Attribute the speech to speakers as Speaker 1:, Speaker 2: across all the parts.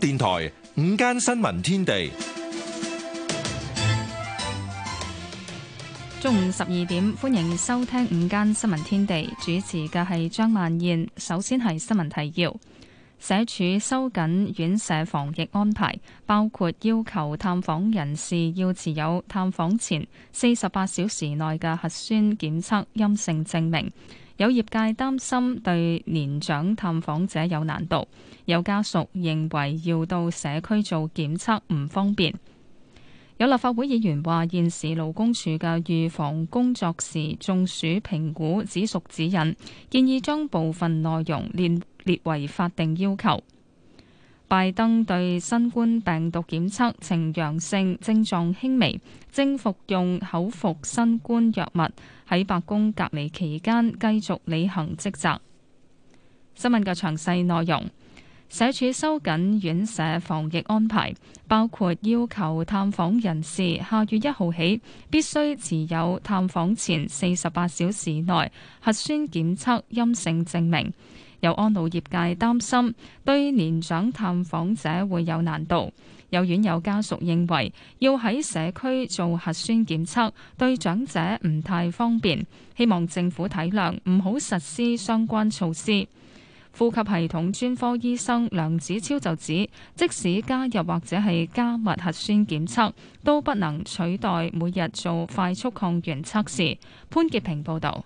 Speaker 1: 電台午間新聞天地，
Speaker 2: 中午十二點歡迎收聽午間新聞天地，主持嘅係張曼燕。首先係新聞提要，社署收緊院舍防疫安排，包括要求探訪人士要持有探訪前四十八小時內嘅核酸檢測陰性證明。有業界擔心對年長探訪者有難度，有家屬認為要到社區做檢測唔方便。有立法會議員話，現時勞工處嘅預防工作時中暑評估只屬指引，建議將部分內容列列為法定要求。拜登對新冠病毒檢測呈陽性，症狀輕微，正服用口服新冠藥物。喺白宮隔離期間，繼續履行職責。新聞嘅詳細內容，社署收緊院舍防疫安排，包括要求探訪人士下月一號起必須持有探訪前四十八小時內核酸檢測陰性證明。有安老業界擔心對年長探訪者會有難度。有院友家屬認為要喺社區做核酸檢測對長者唔太方便，希望政府體諒，唔好實施相關措施。呼吸系統專科醫生梁子超就指，即使加入或者係加密核酸檢測，都不能取代每日做快速抗原測試。潘潔平報導。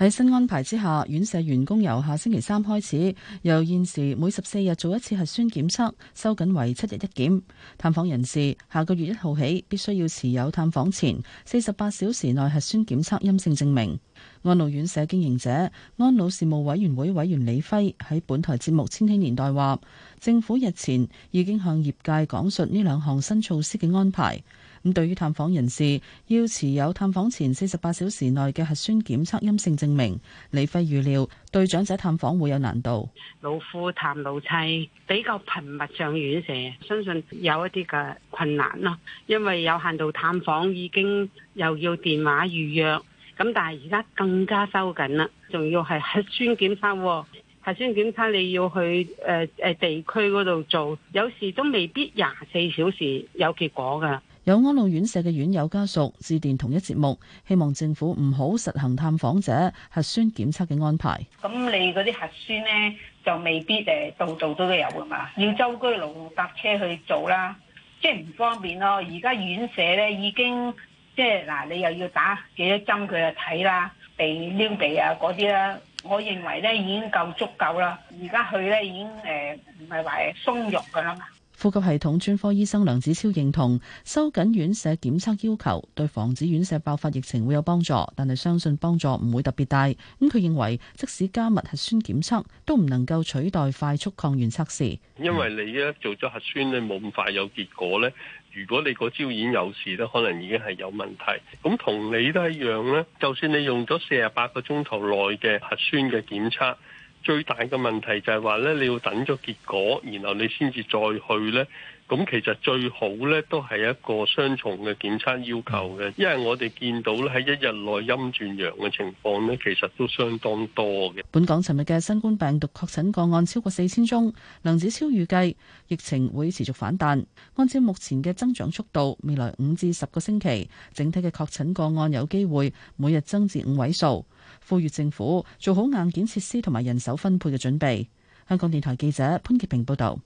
Speaker 3: 喺新安排之下，院舍員工由下星期三開始，由現時每十四日做一次核酸檢測，收緊為七日一檢。探訪人士下個月一號起，必須要持有探訪前四十八小時內核酸檢測陰性證明。安老院舍經營者、安老事務委員會委員李輝喺本台節目《千禧年代》話，政府日前已經向業界講述呢兩項新措施嘅安排。咁對於探訪人士要持有探訪前四十八小時內嘅核酸檢測陰性證明，李輝預料對長者探訪會有難度。
Speaker 4: 老夫探老妻比較頻密上院舍，相信有一啲嘅困難咯，因為有限度探訪已經又要電話預約。咁但係而家更加收緊啦，仲要係核酸檢測，核酸檢測你要去誒誒、呃呃、地區嗰度做，有時都未必廿四小時有結果噶。
Speaker 3: 有安老院舍嘅院友家屬致電同一節目，希望政府唔好實行探訪者核酸檢測嘅安排。
Speaker 5: 咁你嗰啲核酸咧
Speaker 3: 就未必誒到度都有噶嘛，要周居勞搭車去做啦，即係唔方便咯。而家院舍咧已經。即係嗱，你又要打幾多針
Speaker 5: 佢就睇啦，鼻撩鼻啊嗰啲啦，我認為咧已經夠足夠啦。而家佢咧已經誒唔
Speaker 3: 係話鬆肉噶啦。呃、是是呼吸系統專科醫生梁子超認同收緊院舍檢測要求，對防止院舍爆發疫情會有幫助，但係相信幫助唔會特別大。咁佢認為，即使加密核酸檢測，都唔能夠取代快速抗原測試，
Speaker 6: 因為你一做咗核酸你冇咁快有結果咧。如果你嗰招演有事咧，可能已經係有問題。咁同你都一樣咧，就算你用咗四十八個鐘頭內嘅核酸嘅檢測，最大嘅問題就係話咧，你要等咗結果，然後你先至再去咧。咁其實最好咧，都係一個雙重嘅檢測要求嘅，因為我哋見到咧，喺一日內陰轉陽嘅情況咧，其實都相當多嘅。
Speaker 3: 本港尋日嘅新冠病毒確診個案超過四千宗，梁子超預計疫情會持續反彈，按照目前嘅增長速度，未來五至十個星期，整體嘅確診個案有機會每日增至五位數，呼籲政府做好硬件設施同埋人手分配嘅準備。香港電台記者潘潔平報道。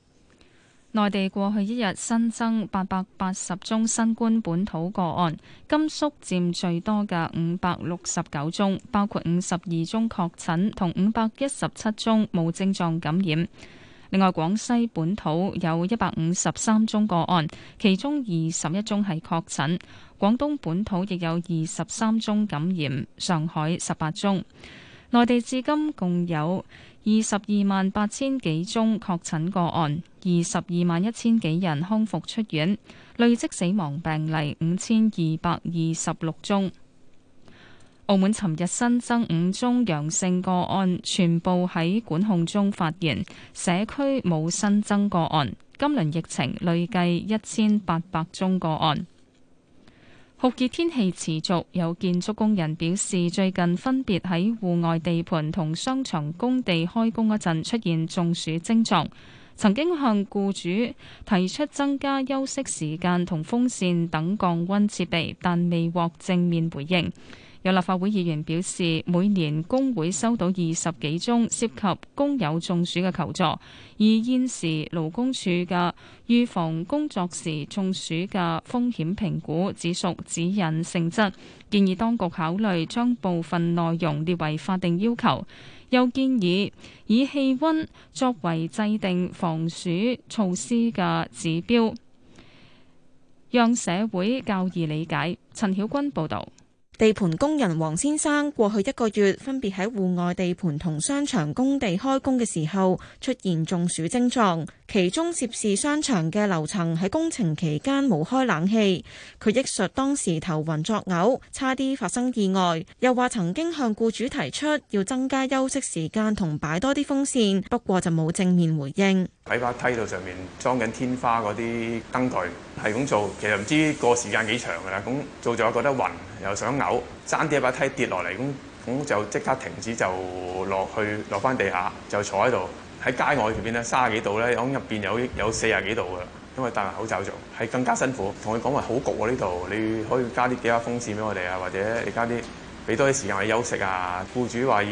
Speaker 2: 內地過去一日新增八百八十宗新冠本土個案，甘肅佔最多嘅五百六十九宗，包括五十二宗確診同五百一十七宗無症狀感染。另外，廣西本土有一百五十三宗個案，其中二十一宗係確診。廣東本土亦有二十三宗感染，上海十八宗。內地至今共有二十二萬八千幾宗確診個案，二十二萬一千幾人康復出院，累積死亡病例五千二百二十六宗。澳門尋日新增五宗陽性個案，全部喺管控中發現，社區冇新增個案。今輪疫情累計一千八百宗個案。酷熱天氣持續，有建築工人表示，最近分別喺戶外地盤同商場工地開工嗰陣出現中暑症狀，曾經向雇主提出增加休息時間同風扇等降溫設備，但未獲正面回應。有立法會議員表示，每年工會收到二十幾宗涉及工友中暑嘅求助，而現時勞工處嘅預防工作時中暑嘅風險評估只屬指引性質，建議當局考慮將部分內容列為法定要求。又建議以氣溫作為制定防暑措施嘅指標，讓社會較易理解。陳曉君報導。地盤工人
Speaker 7: 黃先生過去一個月分別喺戶外地盤同商場工地開工嘅時候出現中暑症狀，其中涉事商場嘅樓層喺工程期間冇開冷氣。佢憶述當時頭暈作嘔，差啲發生意外，又話曾經向僱主提出要增加休息時間同擺多啲風扇，不過就冇正面回應。
Speaker 6: 喺把梯度上面裝緊天花嗰啲燈具，係咁做，其實唔知過時間幾長噶啦。咁做咗覺得暈，又想嘔，爭啲一把梯跌落嚟，咁咁就即刻停止，就去落去落翻地下，就坐喺度。喺街外條邊咧三十幾度咧，響入邊有有四十幾度噶，因為戴埋口罩做係更加辛苦。同佢講話好焗喎呢度，你可以加啲幾把風扇俾我哋啊，或者你加啲俾多啲時間去休息啊。僱主話要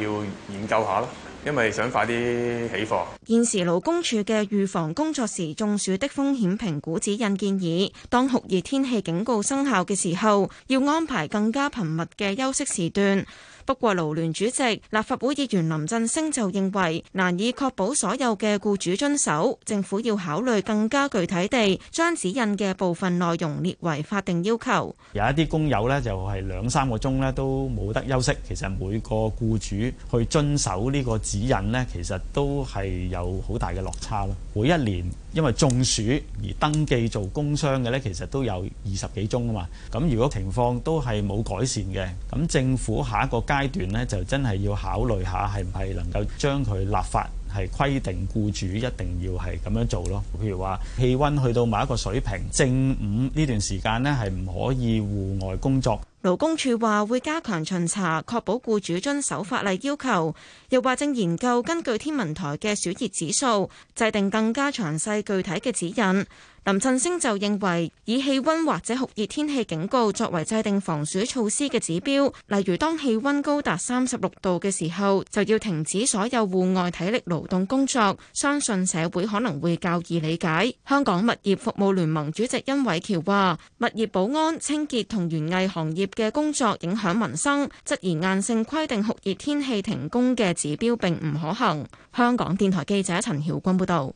Speaker 6: 研究下咯。因為想快啲起
Speaker 7: 貨。現時勞工處嘅預防工作時中暑的風險評估指引建議，當酷熱天氣警告生效嘅時候，要安排更加頻密嘅休息時段。不過勞聯主席、立法會議員林振升就認為難以確保所有嘅僱主遵守，政府要考慮更加具體地將指引嘅部分內容列為法定要求。有
Speaker 6: 一啲工友呢，就係兩三個鐘呢都冇得休息，其實每個僱主去遵守呢個指引呢，其實都係有好大嘅落差啦。每一年。因為中暑而登記做工傷嘅呢，其實都有二十幾宗啊嘛。咁如果情況都係冇改善嘅，咁政府下一個階段呢，就真係要考慮下係唔係能夠將佢立法係規定僱主一定要係咁樣做咯。譬如話氣温去到某一個水平，正午呢段時間呢，係唔可以戶外工作。
Speaker 7: 勞工處話會加強巡查，確保僱主遵守法例要求，又話正研究根據天文台嘅暑熱指數，制定更加詳細具體嘅指引。林振昇就認為，以氣溫或者酷熱天氣警告作為制定防暑措施嘅指標，例如當氣溫高達三十六度嘅時候，就要停止所有戶外體力勞動工作，相信社會可能會較易理解。香港物業服務聯盟主席殷偉喬話，物業保安、清潔同園藝行業嘅工作影響民生，質疑硬性規定酷熱天氣停工嘅指標並唔可行。香港電台
Speaker 2: 記者陳曉君報道。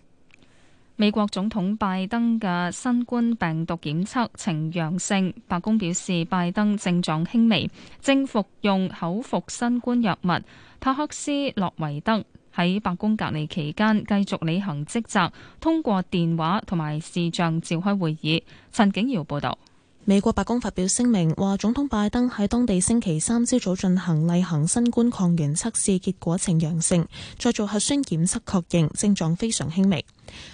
Speaker 2: 美國總統拜登嘅新冠病毒檢測呈陽性，白宮表示拜登症狀輕微，正服用口服新冠藥物帕克斯洛維德。喺白宮隔離期間，繼續履行職責，通過電話同埋視像召開會議。
Speaker 5: 陳景堯報道，美國白宮發表聲明話，總統拜登喺當地星期三朝早進行例行新冠抗原測試，結果呈陽性，再做核酸檢測確認，症狀非常輕微。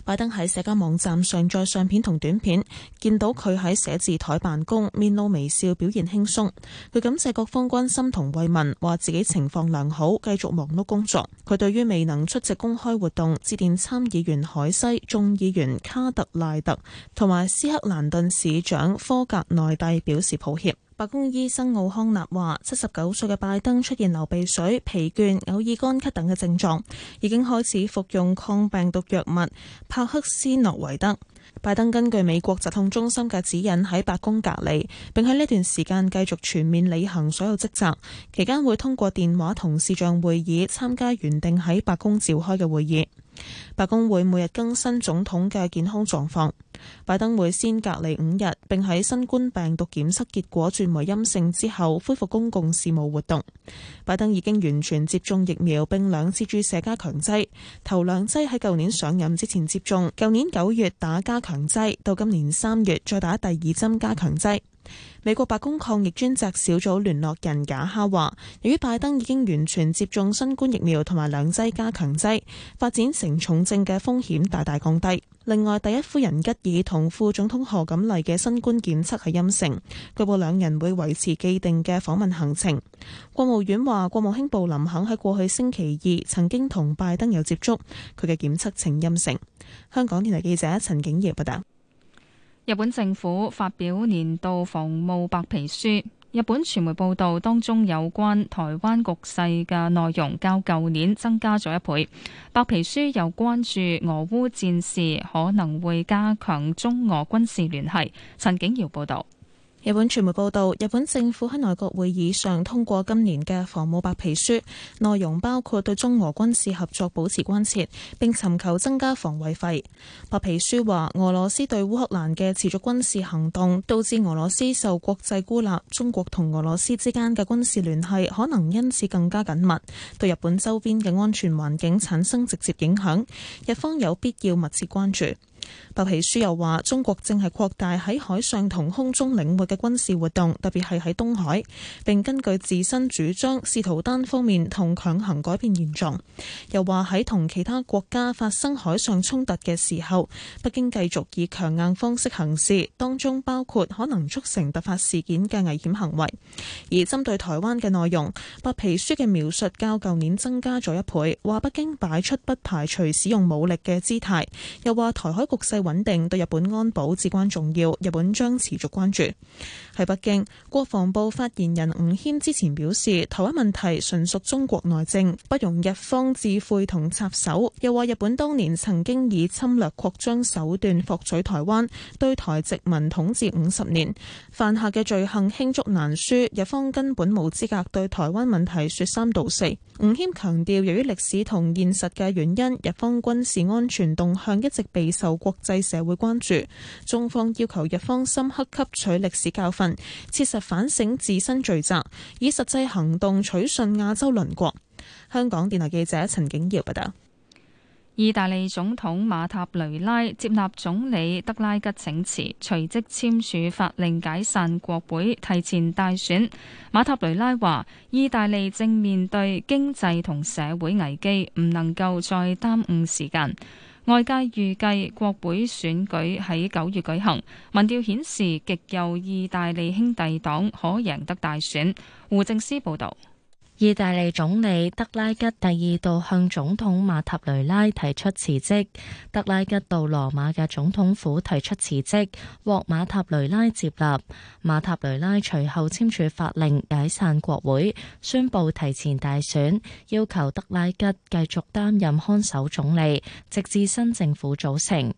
Speaker 5: 拜登喺社交網站上載相片同短片，見到佢喺寫字枱辦公，面露微笑，表現輕鬆。佢感謝各方關心同慰問，話自己情況良好，繼續忙碌工作。佢對於未能出席公開活動，致電參議員海西、眾議員卡特賴特同埋斯克蘭頓市長科格內蒂表示抱歉。白宮醫生奧康納話，七十九歲嘅拜登出現流鼻水、疲倦、偶爾乾咳等嘅症狀，已經開始服用抗病毒藥物帕克斯諾維德。拜登根據美國疾控中心嘅指引喺白宮隔離，並喺呢段時間繼續全面履行所有職責。期間會通過電話同視像會議參加原定喺白宮召開嘅會議。白宮會每日更新總統嘅健康狀況。拜登會先隔離五日，並喺新冠病毒檢測結果轉為陰性之後，恢復公共事務活動。拜登已經完全接種疫苗，並兩次注射加強劑。頭兩劑喺舊年上任之前接種，舊年九月打加強劑，到今年三月再打第二針加強劑。美國白宮抗疫專責小組聯絡人賈哈話，由於拜登已經完全接種新冠疫苗同埋兩劑加強劑，發展成重症嘅風險大大降低。另外，第一夫人吉爾同副總統賀錦麗嘅新冠檢測係陰性，據報兩人會維持既定嘅訪問行程。國務院話，國務卿布林肯喺過去星期二曾經同拜登有接觸，佢嘅檢測呈陰性。香港電台記者陳景業報道。
Speaker 2: 日本政府發表年度防務白皮書，日本傳媒報導當中有關台灣局勢嘅內容，較舊年增加咗一倍。白皮書又關注俄烏戰事可能會加強中俄軍事聯繫。
Speaker 5: 陳景瑤報道。日本傳媒報道，日本政府喺內閣會議上通過今年嘅防務白皮書，內容包括對中俄軍事合作保持關切，並尋求增加防衛費。白皮書話，俄羅斯對烏克蘭嘅持續軍事行動導致俄羅斯受國際孤立，中國同俄羅斯之間嘅軍事聯繫可能因此更加緊密，對日本周邊嘅安全環境產生直接影響，日方有必要密切關注。白皮書又話，中國正係擴大喺海上同空中領域嘅軍事活動，特別係喺東海，並根據自身主張試圖單方面同強行改變現狀。又話喺同其他國家發生海上衝突嘅時候，北京繼續以強硬方式行事，當中包括可能促成突發事件嘅危險行為。而針對台灣嘅內容，白皮書嘅描述較舊年增加咗一倍，話北京擺出不排除使用武力嘅姿態，又話台海局。局勢穩定對日本安保至關重要，日本將持續關注。喺北京，國防部發言人吳謙之前表示，台灣問題純屬中國內政，不容日方置喙同插手。又話日本當年曾經以侵略擴張手段攫取台灣，對台殖民統治五十年，犯下嘅罪行罄竹難書，日方根本冇資格對台灣問題説三道四。吳謙強調，由於歷史同現實嘅原因，日方軍事安全動向一直備受國際社會關注，中方要求日方深刻吸取歷史教訓。切實反省自身罪責，以實際行動取信亞洲鄰國。香港電台記者陳景耀報道。
Speaker 2: 意大利總統馬塔雷拉接納總理德拉吉請辭，隨即簽署法令解散國會，提前大選。馬塔雷拉話：意大利正面對經濟同社會危機，唔能夠再耽誤時間。外界預計國會選舉喺九月舉行，民調顯示極右意大利兄弟黨可贏得大選。胡政司報導。
Speaker 8: 意大利總理德拉吉第二度向總統馬塔雷拉提出辭職，德拉吉到羅馬嘅總統府提出辭職，獲馬塔雷拉接納。馬塔雷拉隨後簽署法令解散國會，宣布提前大選，要求德拉吉繼續擔任看守總理，直至新政府組成。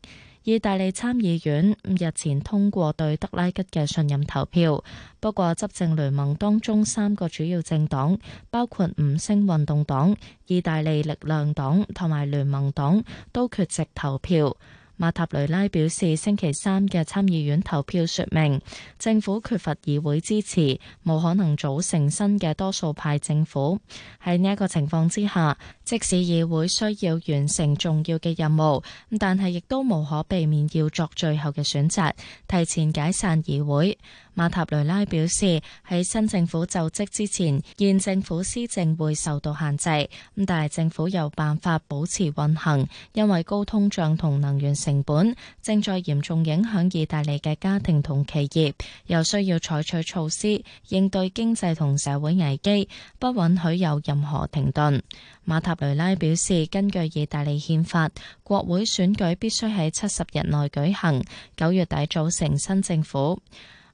Speaker 8: 意大利參議院日前通過對德拉吉嘅信任投票，不過執政聯盟當中三個主要政黨，包括五星運動黨、意大利力量黨同埋聯盟黨，都缺席投票。馬塔雷拉表示，星期三嘅參議院投票說明政府缺乏議會支持，冇可能組成新嘅多數派政府。喺呢一個情況之下，即使議會需要完成重要嘅任務，但係亦都無可避免要作最後嘅選擇，提前解散議會。馬塔雷拉表示，喺新政府就職之前，現政府施政會受到限制，咁但係政府有辦法保持運行，因為高通脹同能源成本正在嚴重影響意大利嘅家庭同企業，又需要採取措施應對經濟同社會危機，不允許有任何停頓。馬塔雷拉表示，根據意大利憲法，國會選舉必須喺七十日內舉行，九月底組成新政府。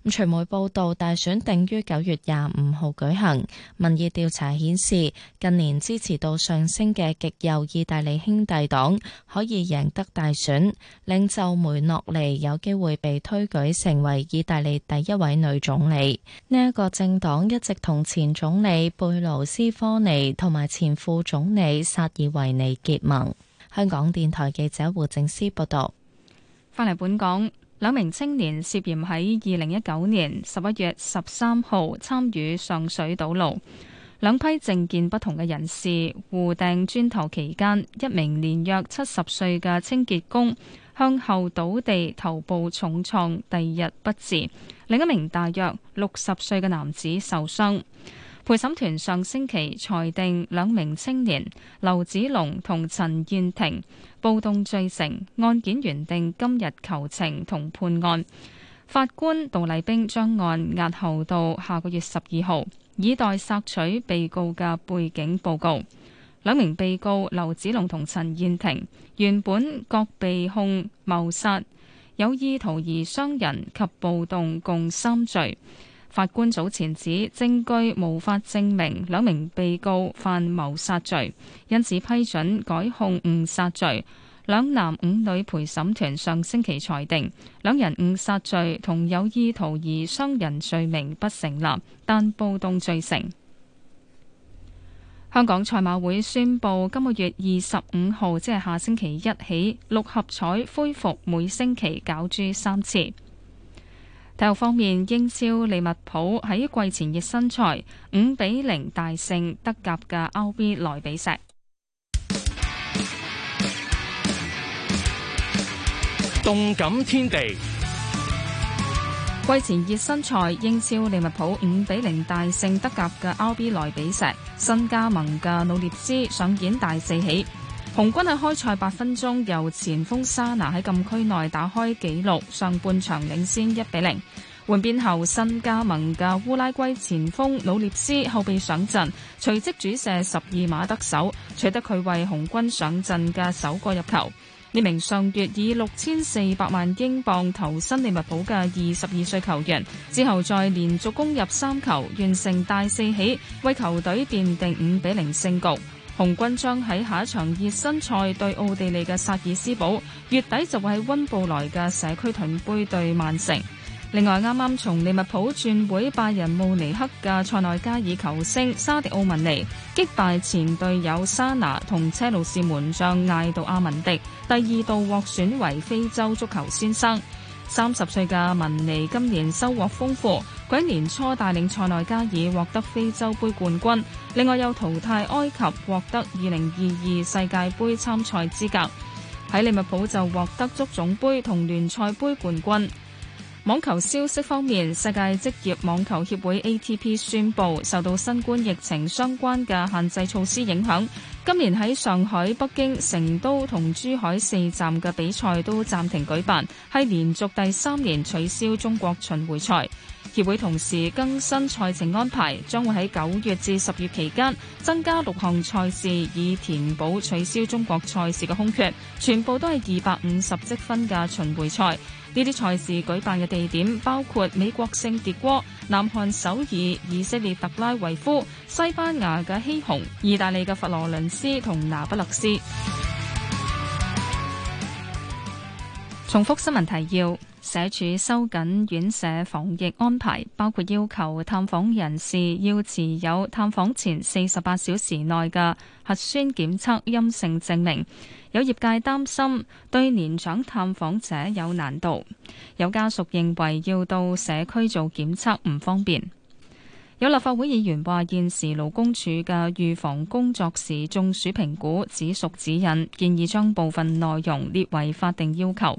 Speaker 8: 傳媒報道，大選定於九月廿五號舉行。民意調查顯示，近年支持度上升嘅極右意大利兄弟黨可以贏得大選，領袖梅諾尼有機會被推舉成為意大利第一位女總理。呢、這、一個政黨一直同前總理貝盧斯科尼同埋前副總理薩爾維尼結盟。香港電台記者胡靜思報道。
Speaker 2: 翻嚟本港。
Speaker 8: 兩名青年涉嫌
Speaker 2: 喺二零一九年十一月十三號參與上水堵路，兩批政見不同嘅人士互掟磚頭期間，一名年約七十歲嘅清潔工向後倒地，頭部重創，第二日不治；另一名大約六十歲嘅男子受傷。陪審團上星期裁定兩名青年劉子龍同陳燕婷暴動罪成，案件原定今日求情同判案，法官杜麗冰將案押後到下個月十二號，以待索取被告嘅背景報告。兩名被告劉子龍同陳燕婷，原本各被控謀殺、有意圖而傷人及暴動共三罪。法官早前指證據無法證明兩名被告犯謀殺罪，因此批准改控誤殺罪。兩男五女陪審團上星期裁定，兩人誤殺罪同有意圖而傷人罪名不成立，但暴動罪成。香港賽馬會宣布今個月二十五號，即係下星期一起，六合彩恢復每星期攪珠三次。體育方面，英超利物浦喺季前熱身賽五比零大勝德甲嘅 RB 萊比錫，動感天地季前熱身賽，英超利物浦五比零大勝德甲嘅 RB 萊比錫，新加盟嘅努涅斯上演大四喜。紅軍喺開賽八分鐘，由前鋒沙拿喺禁區內打開紀錄，上半場領先一比零。換邊後，新加盟嘅烏拉圭前鋒魯列斯後備上陣，隨即主射十二碼得手，取得佢為紅軍上陣嘅首個入球。呢名上月以六千四百萬英鎊投身利物浦嘅二十二歲球員，之後再連續攻入三球，完成大四喜，為球隊奠定五比零勝局。紅軍將喺下一場熱身賽對奧地利嘅薩爾斯堡，月底就會喺温布萊嘅社區盾杯對曼城。另外，啱啱從利物浦轉會拜仁慕尼黑嘅塞內加爾球星沙迪奧文尼擊敗前隊友沙拿同車路士門將艾杜阿文迪，第二度獲選為非洲足球先生。三十歲嘅文尼今年收穫豐富，佢年初帶領塞內加爾獲得非洲杯冠軍，另外又淘汰埃及，獲得二零二二世界杯參賽資格。喺利物浦就獲得足總杯同聯賽杯冠軍。網球消息方面，世界職業網球協會 ATP 宣佈，受到新冠疫情相關嘅限制措施影響，今年喺上海、北京、成都同珠海四站嘅比賽都暫停舉辦，係連續第三年取消中國巡回賽。協會同時更新賽程安排，將會喺九月至十月期間增加六項賽事，以填補取消中國賽事嘅空缺，全部都係二百五十積分嘅巡回賽。呢啲賽事舉辦嘅地點包括美國聖迭戈、南韓首爾、以色列特拉維夫、西班牙嘅希洪、意大利嘅佛羅倫斯同那不勒斯。重複新聞提要：社署收緊院舍防疫安排，包括要求探訪人士要持有探訪前四十八小時內嘅核酸檢測陰性證明。有業界擔心對年長探訪者有難度，有家屬認為要到社區做檢測唔方便。有立法會議員話：現時勞工處嘅預防工作時中暑評估只屬指引，建議將部分內容列為法定要求。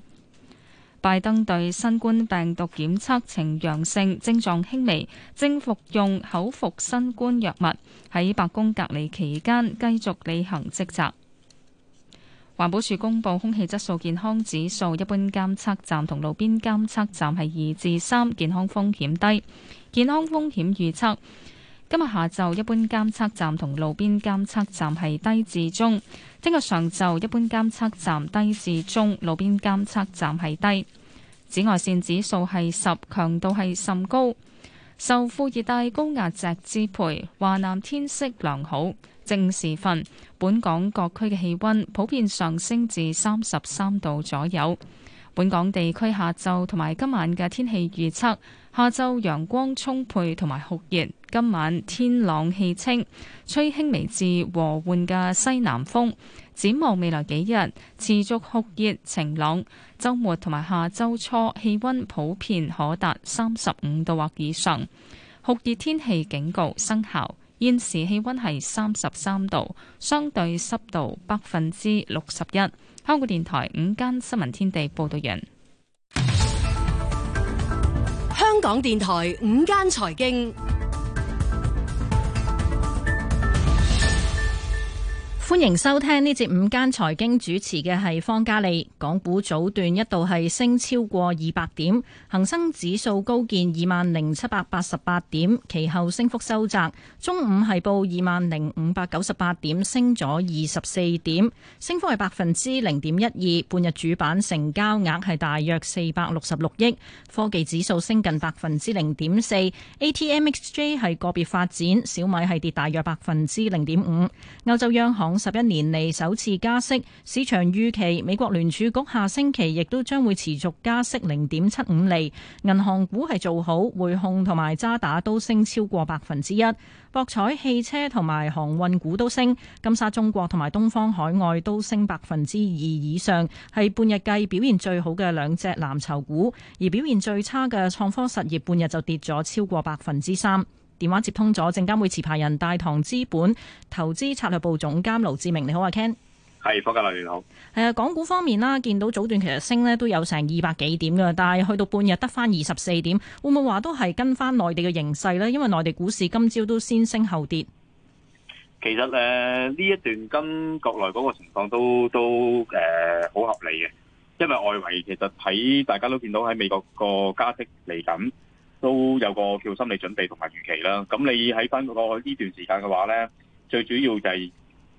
Speaker 2: 拜登對新冠病毒檢測呈陽性，症狀輕微，正服用口服新冠藥物，喺白宮隔離期間繼續履行職責。環保署公布空氣質素健康指數，一般監測站同路邊監測站係二至三，健康風險低。健康風險預測今日下晝一般監測站同路邊監測站係低至中，聽日上晝一般監測站低至中，路邊監測站係低。紫外線指數係十，強度係甚高。受副熱帶高壓脊支配，華南天色良好。正時分，本港各區嘅氣温普遍上升至三十三度左右。本港地區下晝同埋今晚嘅天氣預測：下晝陽光充沛同埋酷熱，今晚天朗氣清，吹輕微至和緩嘅西南風。展望未來幾日，持續酷熱晴朗。週末同埋下週初，氣温普遍可達三十五度或以上。酷熱天氣警告生效。現時氣溫係三十三度，相對濕度百分之六十一。香港電台午間新聞天地報道完。
Speaker 9: 香港電台午間財經。歡迎收聽呢節午間財經主持嘅係方嘉利。港股早段一度係升超過二百點，恒生指數高見二萬零七百八十八點，其後升幅收窄，中午係報二萬零五百九十八點，升咗二十四點，升幅係百分之零點一二。半日主板成交額係大約四百六十六億，科技指數升近百分之零點四。ATMXJ 係個別發展，小米係跌大約百分之零點五。歐洲央行。十一年嚟首次加息，市場預期美國聯儲局下星期亦都將會持續加息零點七五厘。銀行股係做好，匯控同埋渣打都升超過百分之一。博彩、汽車同埋航運股都升，金沙中國同埋東方海外都升百分之二以上，係半日計表現最好嘅兩隻藍籌股。而表現最差嘅創科實業，半日就跌咗超過百分之三。電話接通咗，證監會持牌人大唐資本投資策略部總監盧志明，你好阿、啊、Ken，
Speaker 6: 係方家樂，你好。
Speaker 9: 誒，港股方面啦，見到早段其實升咧都有成二百幾點㗎，但係去到半日得翻二十四點，會唔會話都係跟翻內地嘅形勢咧？因為內地股市今朝都先升後跌。
Speaker 6: 其實誒呢、呃、一段跟國內嗰個情況都都誒好、呃、合理嘅，因為外圍其實喺大家都見到喺美國個加息嚟緊。都有個叫心理準備同埋預期啦。咁你喺翻個呢段時間嘅話呢，最主要就係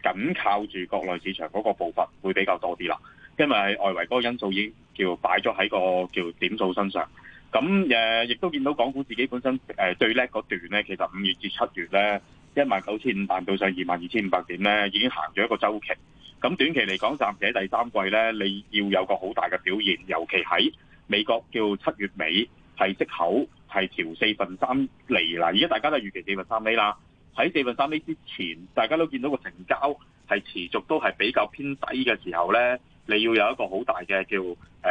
Speaker 6: 緊靠住國內市場嗰個步伐會比較多啲啦。因為外圍嗰個因素已經叫擺咗喺個叫點數身上。咁誒，亦都見到港股自己本身誒最叻嗰段呢，其實五月至七月呢，一萬九千五百到上二萬二千五百點呢，已經行咗一個週期。咁短期嚟講，暫時喺第三季呢，你要有個好大嘅表現，尤其喺美國叫七月尾係息口。係調四分三厘啦，而家大家都預期四分三厘啦。喺四分三厘之前，大家都見到個成交係持續都係比較偏低嘅時候呢，你要有一個好大嘅叫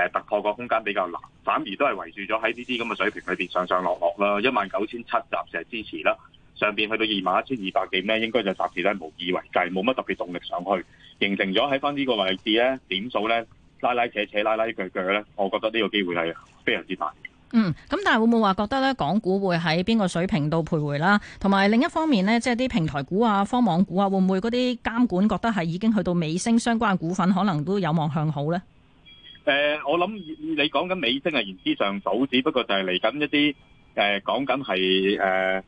Speaker 6: 突破個空間比較難，反而都係圍住咗喺呢啲咁嘅水平裏邊上上落落啦。一萬九千七暫時係支持啦，上邊去到二萬一千二百幾呢，應該就暫時呢無以為繼，冇乜特別動力上去，形成咗喺返呢個位置呢點數呢，拉拉扯扯拉拉鋸鋸呢，我覺得呢個機會係非常之大。
Speaker 8: 嗯，咁
Speaker 9: 但係會唔會話覺得咧港股會喺邊個水平度徘徊啦？同埋另一方面咧，即係啲平台股啊、科網股啊，會唔會嗰啲監管覺得係已經去到尾聲，相關嘅股份可能都有望向好咧？
Speaker 6: 誒、呃，我諗你講緊尾聲係言之尚早，只不過就係嚟緊一啲誒，講緊係誒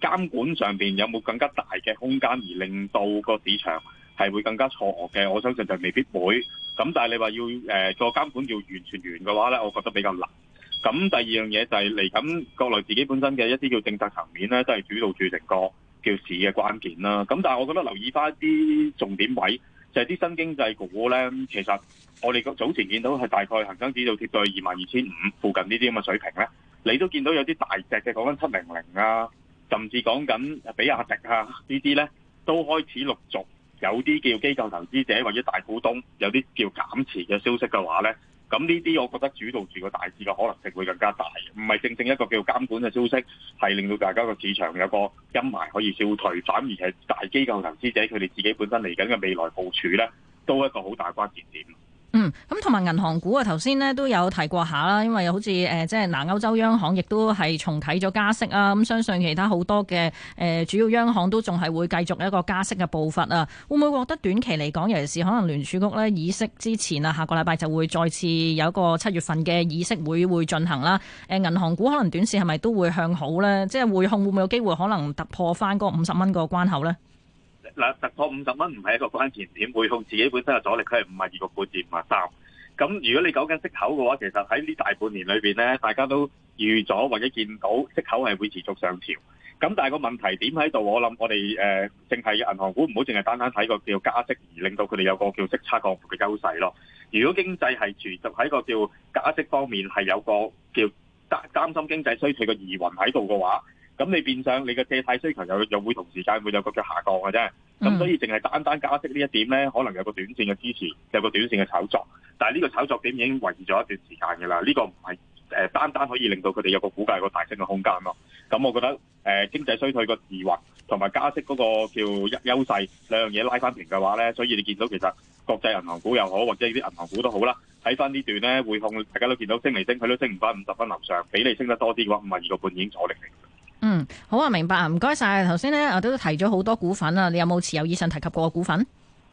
Speaker 6: 監管上邊有冇更加大嘅空間，而令到個市場係會更加錯愕嘅。我相信就未必會。咁但係你話要誒，個、呃、監管要完全完嘅話咧，我覺得比較難。咁第二樣嘢就係嚟緊國內自己本身嘅一啲叫政策層面咧，都係主導住成個叫市嘅關鍵啦。咁但係我覺得留意翻啲重點位，就係、是、啲新經濟股咧。其實我哋個早前見到係大概恒生指數跌到二萬二千五附近呢啲咁嘅水平咧，你都見到有啲大隻嘅講緊七零零啊，甚至講緊比亞迪啊呢啲咧，都開始陸續有啲叫機構投資者或者大股東有啲叫減持嘅消息嘅話咧。咁呢啲，我覺得主導住個大市嘅可能性會更加大，唔係正正一個叫做監管嘅消息，係令到大家個市場有個陰霾可以消退，反而係大機構投資者佢哋自己本身嚟緊嘅未來部署呢，都係一個好大關鍵點。
Speaker 9: 嗯，咁同埋銀行股啊，頭先咧都有提過下啦，因為好似誒，即係嗱，歐洲央行亦都係重啟咗加息啊，咁相信其他好多嘅誒主要央行都仲係會繼續一個加息嘅步伐啊。會唔會覺得短期嚟講，尤其是可能聯儲局咧議息之前啊，下個禮拜就會再次有一個七月份嘅議息會會進行啦？誒、呃，銀行股可能短線係咪都會向好呢？即係匯控會唔會有機會可能突破翻嗰五十蚊個關口呢？
Speaker 6: 嗱，突破五十蚊唔係一個關鍵點，匯控自己本身嘅阻力，佢係五十二個半至五十三。咁如果你講緊息口嘅話，其實喺呢大半年裏邊呢，大家都預咗或者見到息口係會持續上調。咁但係個問題點喺度？我諗我哋誒，淨、呃、係銀行股唔好淨係單單睇個叫加息而令到佢哋有個叫息差降幅嘅優勢咯。如果經濟係持續喺個叫加息方面係有個叫擔擔心經濟衰退嘅疑雲喺度嘅話，咁你變相你嘅借貸需求又又會同時間會有個叫下降嘅啫。咁、嗯、所以淨係單單加息呢一點咧，可能有個短線嘅支持，有個短線嘅炒作。但係呢個炒作點已經維持咗一段時間㗎啦。呢、這個唔係誒單單可以令到佢哋有個股價有個大升嘅空間咯。咁我覺得誒、呃、經濟衰退個抑或同埋加息嗰個叫優勢兩樣嘢拉翻平嘅話咧，所以你見到其實國際銀行股又好，或者啲銀行股都好啦，睇翻呢段咧匯控大家都見到升嚟升，佢都升唔翻五十分樓上，比你升得多啲嘅話，五十二個半已經阻力嚟。
Speaker 9: 嗯，好啊，明白啊，唔該晒。頭先呢，我都提咗好多股份啊，你有冇持有以上提及過嘅股份？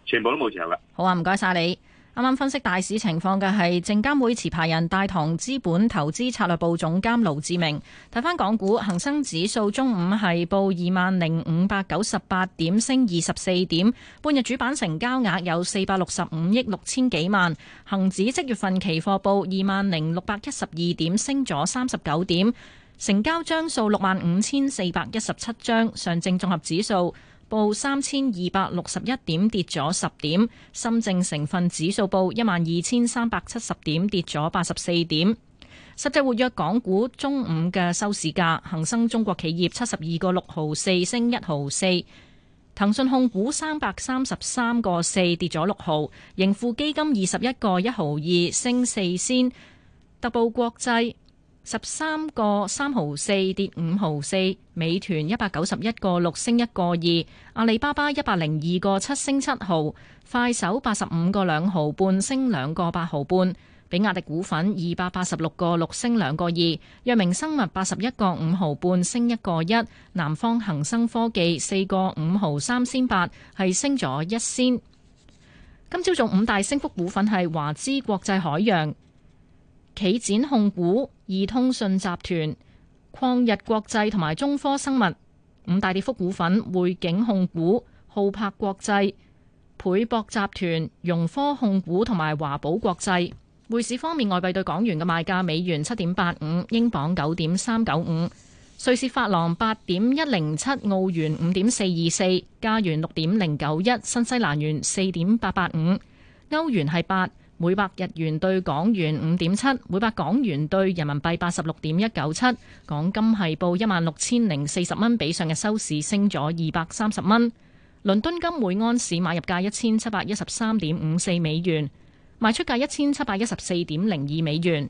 Speaker 6: 全部都冇持有噶。
Speaker 9: 好啊，唔該晒你。啱啱分析大市情況嘅係證監會持牌人大唐資本投資策略部總監盧志明。睇翻港股，恒生指數中午係報二萬零五百九十八點，升二十四點。半日主板成交額有四百六十五億六千幾萬。恒指即月份期貨報二萬零六百一十二點，升咗三十九點。成交張數六萬五千四百一十七張，上證綜合指數報三千二百六十一點，跌咗十點；深證成分指數報一萬二千三百七十點，跌咗八十四點。實際活躍港股中午嘅收市價，恒生中國企業七十二個六毫四，升一毫四；騰訊控股三百三十三個四，跌咗六毫；盈富基金二十一個一毫二，升四仙；特步國際。十三個三毫四跌五毫四，美團一百九十一個六升一個二，阿里巴巴一百零二個七升七毫，快手八十五個兩毫半升兩個八毫半，比亞迪股份二百八十六個六升兩個二，藥明生物八十一個五毫半升一個一，南方恒生科技四個五毫三先八，係升咗一先。今朝早五大升幅股份係華資國際海洋。企展控股、移通訊集團、曠日國際同埋中科生物五大跌幅股份，匯景控股、浩柏國際、倍博集團、融科控股同埋華寶國際。匯市方面，外幣對港元嘅賣價：美元七點八五，英鎊九點三九五，瑞士法郎八點一零七，澳元五點四二四，加元六點零九一，新西蘭元四點八八五，歐元係八。每百日元兌港元五點七，每百港元兌人民幣八十六點一九七。港金係報一萬六千零四十蚊，比上日收市升咗二百三十蚊。倫敦金每安士買入價一千七百一十三點五四美元，賣出價一千七百一十四點零二美元。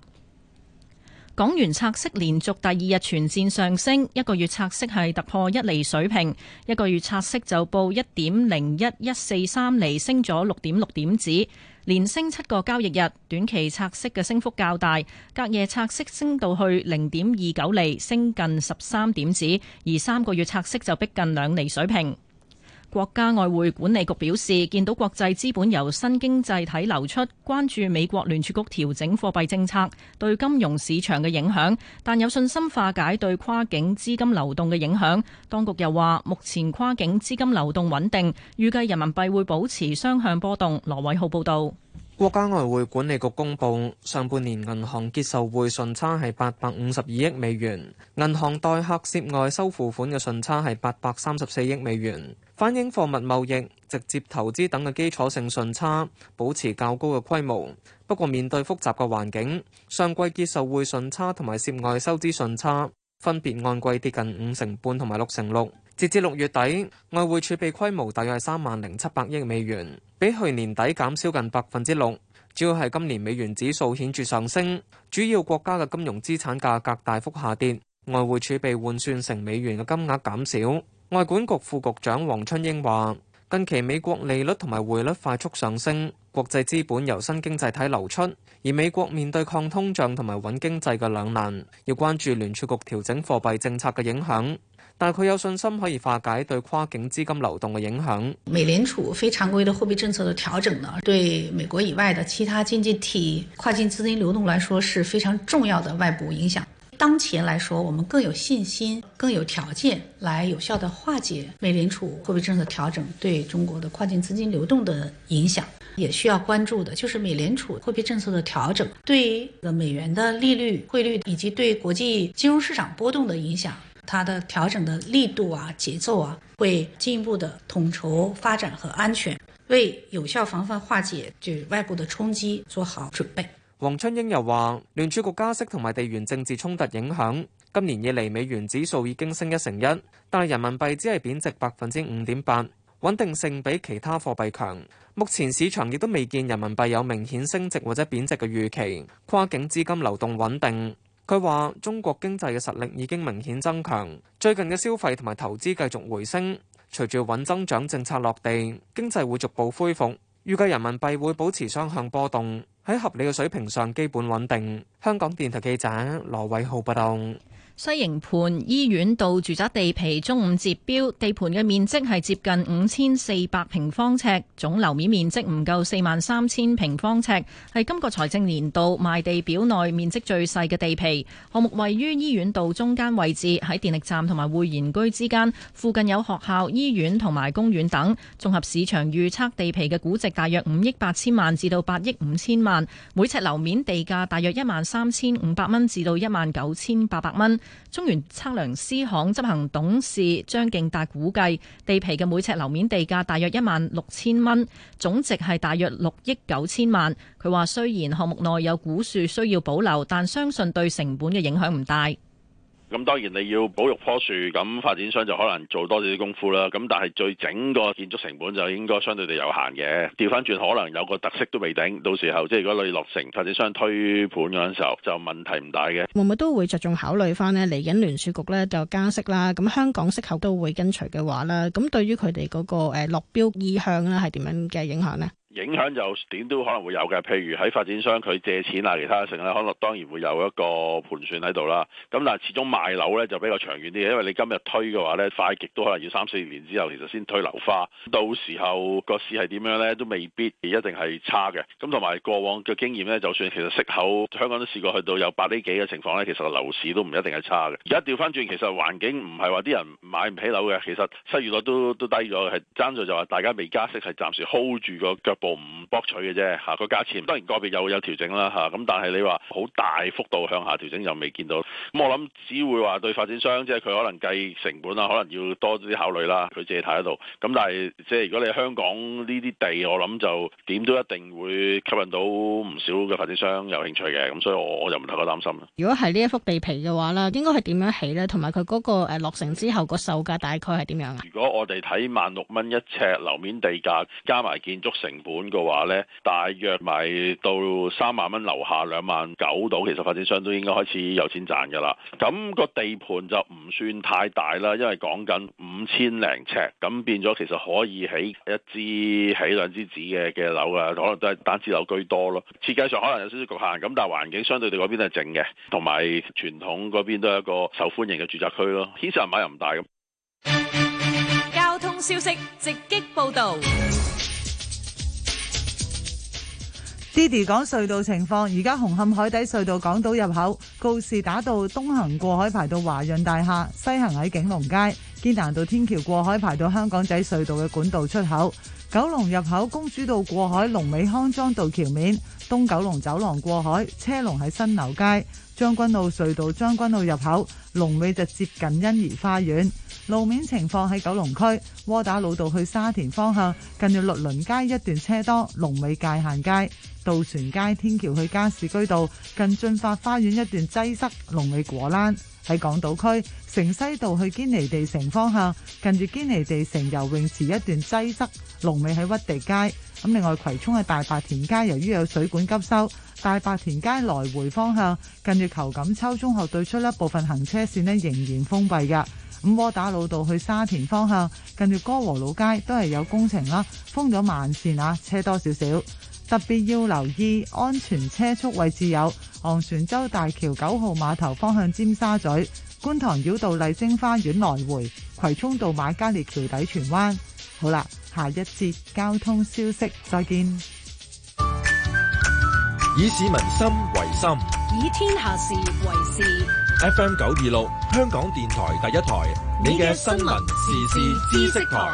Speaker 9: 港元拆息連續第二日全線上升，一個月拆息係突破一厘水平，一個月拆息就報一點零一一四三厘，升咗六點六點子。連升七個交易日，短期拆息嘅升幅較大，隔夜拆息升到去零點二九厘，升近十三點子，而三個月拆息就逼近兩厘水平。國家外匯管理局表示，見到國際資本由新經濟體流出，關注美國聯儲局調整貨幣政策對金融市場嘅影響，但有信心化解對跨境資金流動嘅影響。當局又話，目前跨境資金流動穩定，預計人民幣會保持雙向波動。羅偉浩報道。
Speaker 10: 國家外匯管理局公布，上半年銀行結售匯順差係八百五十二億美元，銀行代客涉外收付款嘅順差係八百三十四億美元，反映貨物貿易、直接投資等嘅基礎性順差保持較高嘅規模。不過面對複雜嘅環境，上季結售匯順差同埋涉外收支順差分別按季跌近五成半同埋六成六。截至六月底，外匯儲備規模大約係三萬零七百億美元，比去年底減少近百分之六，主要係今年美元指數顯著上升，主要國家嘅金融資產價格大幅下跌，外匯儲備換算成美元嘅金額減少。外管局副局長王春英話：近期美國利率同埋匯率快速上升，國際資本由新經濟體流出，而美國面對抗通脹同埋穩經濟嘅兩難，要關注聯儲局調整貨幣政策嘅影響。但係佢有信心可以化解對跨境資金流動的影響。
Speaker 9: 美聯儲非常規的貨幣政策的調整呢，對美國以外的其他經濟體跨境資金流動來說是非常重要的外部影響。當前來說，我們更有信心、更有條件來有效地化解美聯儲貨幣政策調整對中國的跨境資金流動的影響。也需要關注的，就是美聯儲貨幣政策的調整對美元的利率、匯率以及對國際金融市場波動的影響。它的調整的力度啊、節奏啊，會進一步的統籌發展和安全，為有效防範化解就外部的衝擊做好準備。
Speaker 10: 黃春英又話：聯儲局加息同埋地緣政治衝突影響，今年以嚟美元指數已經升一成一，但係人民幣只係貶值百分之五點八，穩定性比其他貨幣強。目前市場亦都未見人民幣有明顯升值或者貶值嘅預期，跨境資金流動穩定。佢話：中國經濟嘅實力已經明顯增強，最近嘅消費同埋投資繼續回升，隨住穩增長政策落地，經濟會逐步恢復。預計人民幣會保持雙向波動，喺合理嘅水平上基本穩定。香港電台記者羅偉浩報道。
Speaker 9: 西營盤醫院道住宅地皮中午截標，地盤嘅面積係接近五千四百平方尺，總樓面面積唔夠四萬三千平方尺，係今個財政年度賣地表內面積最細嘅地皮。項目位於醫院道中間位置，喺電力站同埋匯賢居之間，附近有學校、醫院同埋公園等。綜合市場預測地皮嘅估值大約五億八千萬至到八億五千萬，每尺樓面地價大約一萬三千五百蚊至到一萬九千八百蚊。中原測量師行執行董事張勁達估計，地皮嘅每尺樓面地價大約一萬六千蚊，總值係大約六億九千萬。佢話雖然項目內有古樹需要保留，但相信對成本嘅影響唔大。
Speaker 1: 咁當然你要保育棵樹，咁發展商就可能做多啲功夫啦。咁但係最整個建築成本就應該相對地有限嘅。調翻轉可能有個特色都未頂，到時候即係如果你落成，發展商推盤嗰陣時候就問題唔大嘅。
Speaker 10: 會唔會都會着重考
Speaker 9: 慮翻呢。嚟緊聯儲局咧就加息啦，咁香港息口都會跟隨嘅話啦，咁對於
Speaker 5: 佢哋嗰個誒落標意向啦係點樣嘅影響呢？
Speaker 1: 影響就點都可能會有嘅，譬如喺發展商佢借錢啊，其他成咧，可能當然會有一個盤算喺度啦。咁但係始終賣樓咧就比較長遠啲嘅，因為你今日推嘅話咧，快極都可能要三四年之後，其實先推樓花。到時候個市係點樣咧，都未必一定係差嘅。咁同埋過往嘅經驗咧，就算其實息口香港都試過去到有八厘幾嘅情況咧，其實樓市都唔一定係差嘅。而家調返轉，其實環境唔係話啲人買唔起樓嘅，其實失業率都都低咗，係爭在就話大家未加息，係暫時 hold 住個腳。部唔博取嘅啫，吓，個價錢當然個別又有調整啦，吓、啊、咁但係你話好大幅度向下調整又未見到，咁、啊嗯、我諗只會話對發展商即係佢可能計成本啊可能要多啲考慮啦，佢自己睇得到。咁、啊、但係即係如果你香港呢啲地，我諗就點都一定會吸引到唔少嘅發展商有興趣嘅，咁、啊、所以我我就唔太過擔心
Speaker 3: 啦，如果係呢一幅地皮嘅話
Speaker 9: 啦，應該係點樣起咧？同埋佢嗰個誒落成之後個售價大概係點樣？如
Speaker 1: 果我哋睇萬六蚊一尺樓面地價加埋建築成本。本嘅話呢，大約賣到三萬蚊樓下兩萬九到，其實發展商都應該開始有錢賺噶啦。咁個地盤就唔算太大啦，因為講緊五千零尺，咁變咗其實可以起一支起兩支紙嘅嘅樓啊，可能都係單支樓居多咯。設計上可能有少少局限，咁但係環境相對地嗰邊係靜嘅，同埋傳統嗰邊都係一個受歡迎嘅住宅區咯。起十萬米又唔大咁。
Speaker 9: 交通消
Speaker 3: 息直擊報道。
Speaker 4: d i d y 講隧道情況，而家紅磡海底隧道港島入口告士打道東行過海排到華潤大廈，西行喺景隆街堅拿道天橋過海排到香港仔隧道嘅管道出口，九龍入口公主道過海龍尾康莊道橋面，東九龍走廊過海車龍喺新柳街。將軍澳隧道，將軍澳入口龍尾就接近欣怡花園。路面情況喺九龍區窩打老道去沙田方向近住律倫街一段車多，龍尾界限街、渡船街天橋去加士居道近駿發花園一段擠塞，龍尾果欄。喺港島區城西道去堅尼地城方向，近住堅尼地城游泳池一段擠塞，龍尾喺屈地街。咁另外葵涌嘅大白田街，由於有水管急修，大白田街來回方向近住裘錦秋中學對出一部分行車線咧，仍然封閉嘅。咁窩打老道去沙田方向，近住歌和老街都係有工程啦，封咗慢線啊，車多少少。特別要留意安全車速位置有：昂船洲大橋九號碼頭方向、尖沙咀觀塘繞道麗晶花園來回、葵涌道馬加列橋底荃灣。好啦，下一節交通消息，再見。
Speaker 1: 以市民心為心，
Speaker 9: 以天下事為事。
Speaker 1: F M 九二六，香港電台第一台，你嘅新聞時事知識台。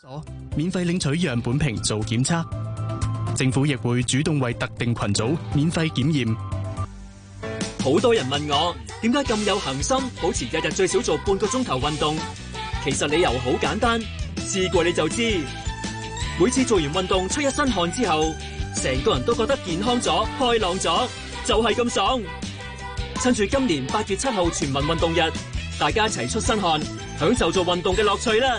Speaker 6: 所免費領取樣本瓶做檢測。政府亦會主動為特定群組免費檢驗。
Speaker 10: 好多人問我，點解咁有恆心，保持日日最少做半個鐘頭運動？其實理由好簡單，試過你就知。每次做完運動出一身汗之後，成個人都覺得健康咗、開朗咗，就係咁爽。趁住今年八月七號全民運動日，大家一齊出身汗，享受做運動嘅樂趣啦！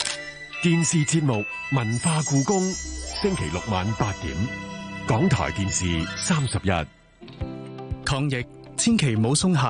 Speaker 1: 電視節目《文化故宮》，星期六晚八點，
Speaker 2: 港台電視三十日抗疫，千祈唔好鬆懈。